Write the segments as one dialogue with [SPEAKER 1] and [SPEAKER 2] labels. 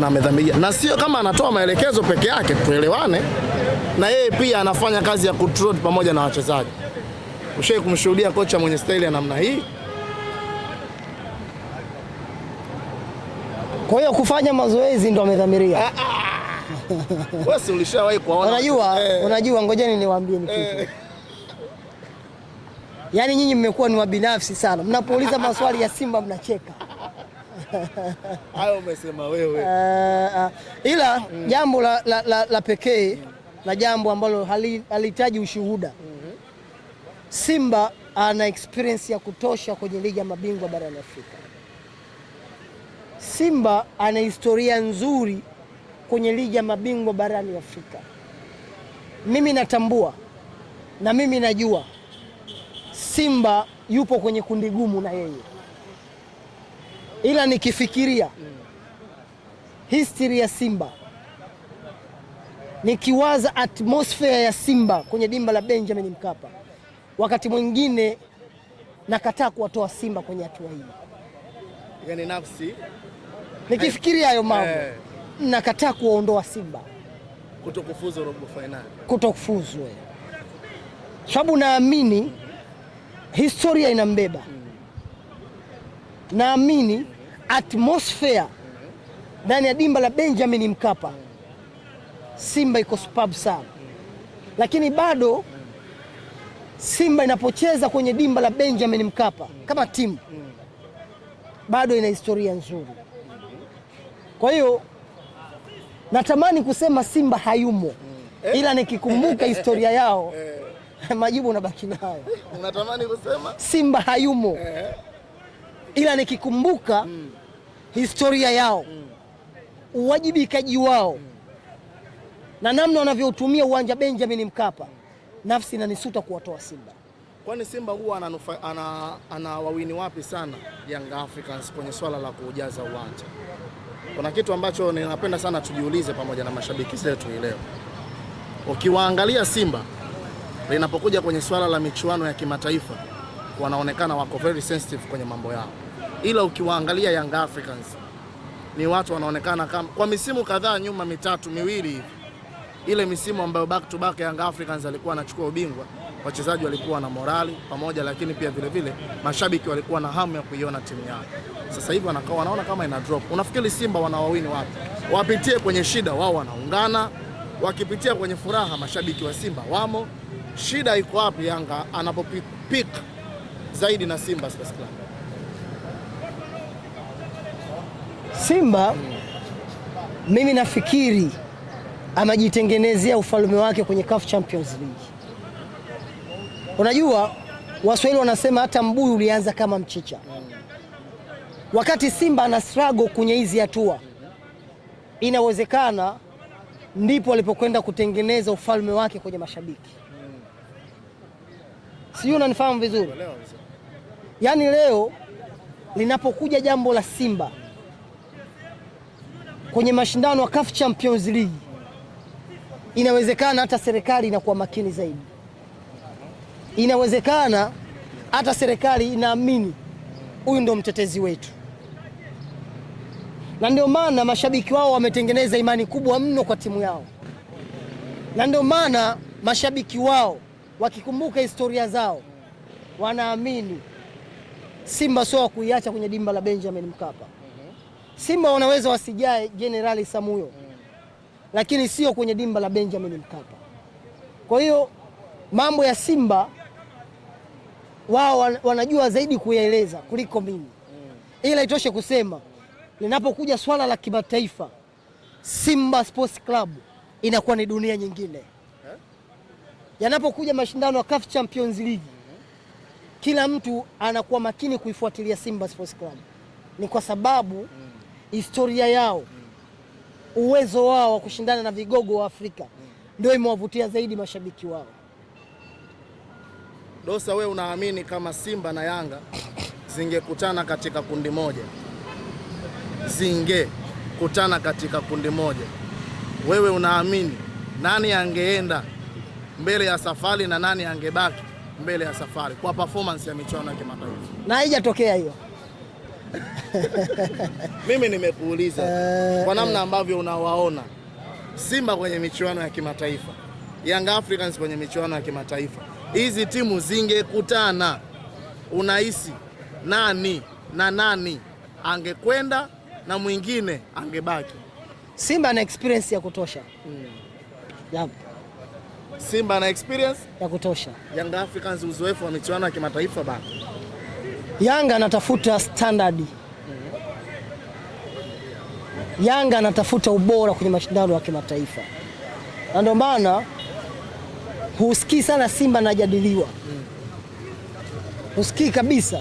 [SPEAKER 1] na amedhamiria, na sio kama anatoa maelekezo peke yake, tuelewane, na yeye pia anafanya kazi ya control pamoja na wachezaji. Ushai kumshuhudia kocha mwenye staili ya namna hii?
[SPEAKER 2] Kwa hiyo kufanya mazoezi ndo amedhamiria. Ah,
[SPEAKER 1] ah. Wewe si ulishawahi kuona?
[SPEAKER 2] Unajua, eh. unajua, ngojeni niwaambie ni kitu. Eh. Yaani nyinyi mmekuwa ni wabinafsi sana, mnapouliza maswali ya Simba mnacheka
[SPEAKER 1] hayo umesema wewe. Uh,
[SPEAKER 2] ila mm. jambo la, la, la, la pekee mm. na jambo ambalo halihitaji ushuhuda mm -hmm. Simba ana experience ya kutosha kwenye ligi ya mabingwa barani Afrika. Simba ana historia nzuri kwenye ligi ya mabingwa barani Afrika. Mimi natambua na mimi najua Simba yupo kwenye kundi gumu na yeye ila nikifikiria history ya Simba nikiwaza atmosphere ya Simba kwenye dimba la Benjamin Mkapa, wakati mwingine nakataa kuwatoa Simba kwenye hatua hii.
[SPEAKER 1] Yani nafsi
[SPEAKER 2] nikifikiria hayo mambo eh, nakataa kuwaondoa Simba
[SPEAKER 1] kutokufuzu robo finali,
[SPEAKER 2] kutokufuzu sababu naamini historia inambeba hmm naamini atmosphere ndani ya dimba la Benjamin Mkapa Simba iko superb sana, lakini bado Simba inapocheza kwenye dimba la Benjamin Mkapa kama timu bado ina historia nzuri. Kwa hiyo natamani kusema Simba hayumo, ila nikikumbuka historia yao eh. majibu unabaki nayo.
[SPEAKER 1] Unatamani kusema
[SPEAKER 2] Simba hayumo. Eh ila nikikumbuka mm. historia yao mm. uwajibikaji wao mm. na namna wanavyotumia uwanja Benjamin Mkapa, nafsi inanisuta kuwatoa Simba.
[SPEAKER 1] Kwani Simba huwa ana, ana wawini wapi sana Young Africans kwenye swala la kuujaza uwanja? Kuna kitu ambacho ninapenda sana tujiulize pamoja na mashabiki zetu leo. Ukiwaangalia Simba linapokuja kwenye swala la michuano ya kimataifa wanaonekana wako very sensitive kwenye mambo yao, ila ukiwaangalia Young Africans ni watu wanaonekana kama kwa misimu kadhaa nyuma mitatu miwili hivi, ile misimu ambayo back to back Young Africans alikuwa anachukua ubingwa, wachezaji walikuwa na morali pamoja, lakini pia vile vile mashabiki walikuwa na hamu ya kuiona timu yao. Sasa hivi wanakaa wanaona kama ina drop. Unafikiri Simba wanawawini wapi? Wapitie kwenye shida, wao wanaungana, wakipitia kwenye furaha, mashabiki wa Simba wamo. Shida iko wapi? Yanga anapopika zaidi na Simba Sports Club.
[SPEAKER 2] Simba mimi nafikiri amejitengenezea ufalme wake kwenye CAF Champions League. Unajua Waswahili wanasema hata mbuyu ulianza kama mchicha. Wakati Simba ana struggle kwenye hizi hatua, inawezekana ndipo alipokwenda kutengeneza ufalme wake kwenye mashabiki sijui unanifahamu vizuri. Yaani leo linapokuja jambo la Simba kwenye mashindano ya CAF Champions League, inawezekana hata serikali inakuwa makini zaidi, inawezekana hata serikali inaamini huyu ndo mtetezi wetu, na ndio maana mashabiki wao wametengeneza imani kubwa mno kwa timu yao, na ndio maana mashabiki wao wakikumbuka historia zao wanaamini Simba sio kuiacha kwenye dimba la Benjamin Mkapa. Simba wanaweza wasijae Jenerali Samuyo, lakini sio kwenye dimba la Benjamin Mkapa. Kwa hiyo mambo ya Simba wao wanajua zaidi kuyaeleza kuliko mimi, ila itoshe kusema linapokuja swala la kimataifa, Simba Sports Club inakuwa ni dunia nyingine. Yanapokuja mashindano ya CAF Champions League, kila mtu anakuwa makini kuifuatilia Simba Sports Club, ni kwa sababu historia yao, uwezo wao wa kushindana na vigogo wa Afrika ndio imewavutia zaidi mashabiki wao.
[SPEAKER 1] Dosa, we unaamini kama Simba na Yanga zingekutana katika kundi moja, zingekutana katika kundi moja, wewe unaamini nani angeenda mbele ya safari na nani angebaki mbele ya safari kwa performance ya michuano ya kimataifa,
[SPEAKER 2] na haijatokea hiyo.
[SPEAKER 1] Mimi nimekuuliza eh, kwa namna eh. ambavyo unawaona Simba kwenye michuano ya kimataifa, Young Africans kwenye michuano ya kimataifa, hizi timu zingekutana, unahisi nani na nani angekwenda na mwingine angebaki?
[SPEAKER 2] Simba ana experience ya kutosha mm.
[SPEAKER 1] Simba na experience ya kutosha. Young Africans uzoefu wa michuano ya kimataifa bado.
[SPEAKER 2] Yanga anatafuta standard. Yanga anatafuta ubora kwenye mashindano ya kimataifa, na ndio maana husikii sana Simba anajadiliwa. Husikii kabisa.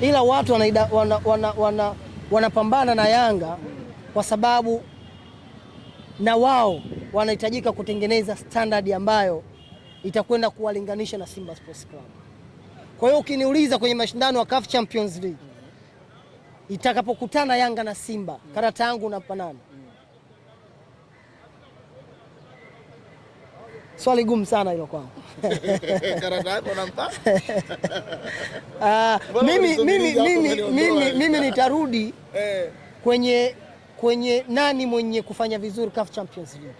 [SPEAKER 2] Ila watu wanapambana wana, wana, wana, wana na Yanga kwa sababu na wao wanahitajika kutengeneza standard ambayo itakwenda kuwalinganisha na Simba Sports Club. Kwa hiyo ukiniuliza kwenye mashindano ya CAF Champions League itakapokutana Yanga na Simba, karata yangu unapa nani? Swali gumu sana hilo kwangu. Uh, mimi, mimi, mimi, mimi, mimi nitarudi eh. kwenye, kwenye nani mwenye kufanya vizuri CAF Champions League.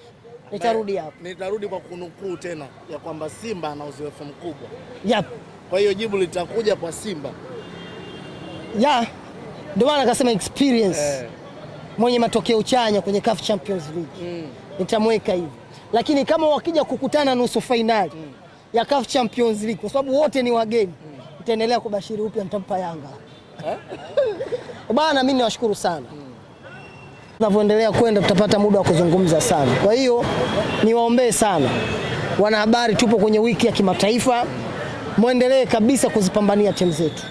[SPEAKER 2] Nitarudi eh, hapo,
[SPEAKER 1] nitarudi kwa kunukuu tena ya kwamba Simba ana uzoefu mkubwa yep. Kwa hiyo jibu litakuja kwa Simba
[SPEAKER 2] yeah. Ndio maana akasema experience eh, mwenye matokeo chanya kwenye CAF Champions League mm. Nitamweka hivi, lakini kama wakija kukutana nusu fainali mm. ya CAF Champions League kwa sababu wote ni wageni mm. nitaendelea kubashiri upya, nitampa Yanga eh? Bana, mimi nawashukuru sana mm tunavyoendelea kwenda tutapata muda wa kuzungumza sana. Kwa hiyo niwaombee sana wanahabari, tupo kwenye wiki ya kimataifa, mwendelee kabisa kuzipambania timu zetu,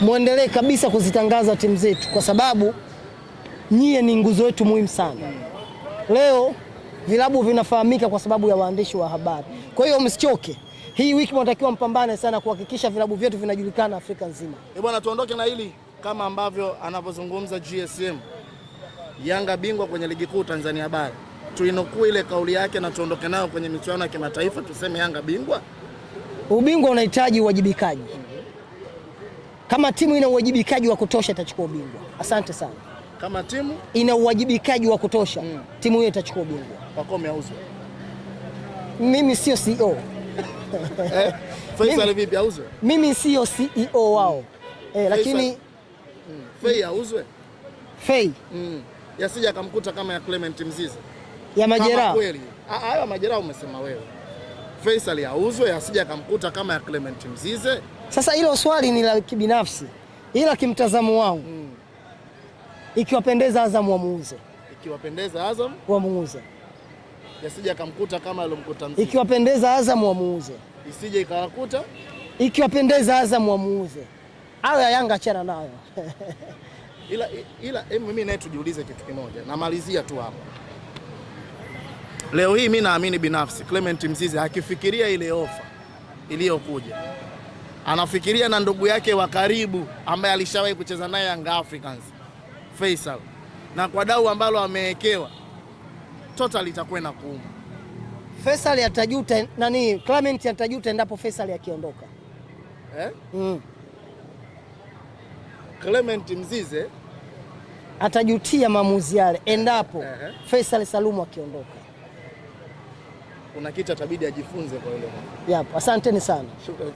[SPEAKER 2] mwendelee kabisa kuzitangaza timu zetu, kwa sababu nyie ni nguzo yetu muhimu sana. Leo vilabu vinafahamika kwa sababu ya waandishi wa habari. Kwa hiyo msichoke, hii wiki mnatakiwa mpambane sana kuhakikisha vilabu vyetu vinajulikana Afrika nzima.
[SPEAKER 1] Eh bwana, tuondoke na hili kama ambavyo anavyozungumza GSM. Yanga bingwa kwenye ligi kuu Tanzania bara, tuinukuu ile kauli yake na tuondoke nayo kwenye michuano ya kimataifa, tuseme Yanga bingwa?
[SPEAKER 2] Ubingwa unahitaji uwajibikaji. Kama timu ina uwajibikaji wa kutosha itachukua ubingwa. Asante sana. Kama timu ina uwajibikaji wa kutosha mm, timu hiyo itachukua ubingwa.
[SPEAKER 1] Pacome auzwe?
[SPEAKER 2] Mimi sio CEO
[SPEAKER 1] eh, Faisal vipi auzwe?
[SPEAKER 2] Mimi sio CEO wao mm. Eh, lakini
[SPEAKER 1] Faisal auzwe? Hmm.
[SPEAKER 2] Fei mm
[SPEAKER 1] yasija akamkuta kama ya Clement Mzizi
[SPEAKER 2] ya majeraha kweli.
[SPEAKER 1] Hayo majeraha umesema wewe, Faisal yauzwe, yasija akamkuta kama ya Clement Mzize.
[SPEAKER 2] Sasa hilo swali ni la kibinafsi, ila kimtazamo wangu mm. Ikiwapendeza Azam wamuuze,
[SPEAKER 1] ikiwapendeza Azam wamuuze, yasija akamkuta kama alomkuta Mzize.
[SPEAKER 2] Ikiwapendeza Azam wamuuze,
[SPEAKER 1] isije ikawakuta.
[SPEAKER 2] Ikiwapendeza Azam wamuuze, awe ya Yanga achana nayo
[SPEAKER 1] ila ila mimi naye tujiulize kitu kimoja, namalizia tu hapo. Leo hii mi naamini binafsi Clement Mzize akifikiria ile ofa iliyokuja, anafikiria na ndugu yake wa karibu ambaye alishawahi kucheza naye Young Africans, Faisal, na kwa dau ambalo amewekewa total itakwenda kuuma.
[SPEAKER 2] Faisal atajuta nani? Clement atajuta endapo Faisal akiondoka eh? mm.
[SPEAKER 1] Clement Mzize
[SPEAKER 2] atajutia maamuzi yale endapo uh -huh. Faisal Salumu akiondoka.
[SPEAKER 1] Kuna kitu atabidi ajifunze kwa hilo.
[SPEAKER 2] Yapo, asanteni sana. Shukrani.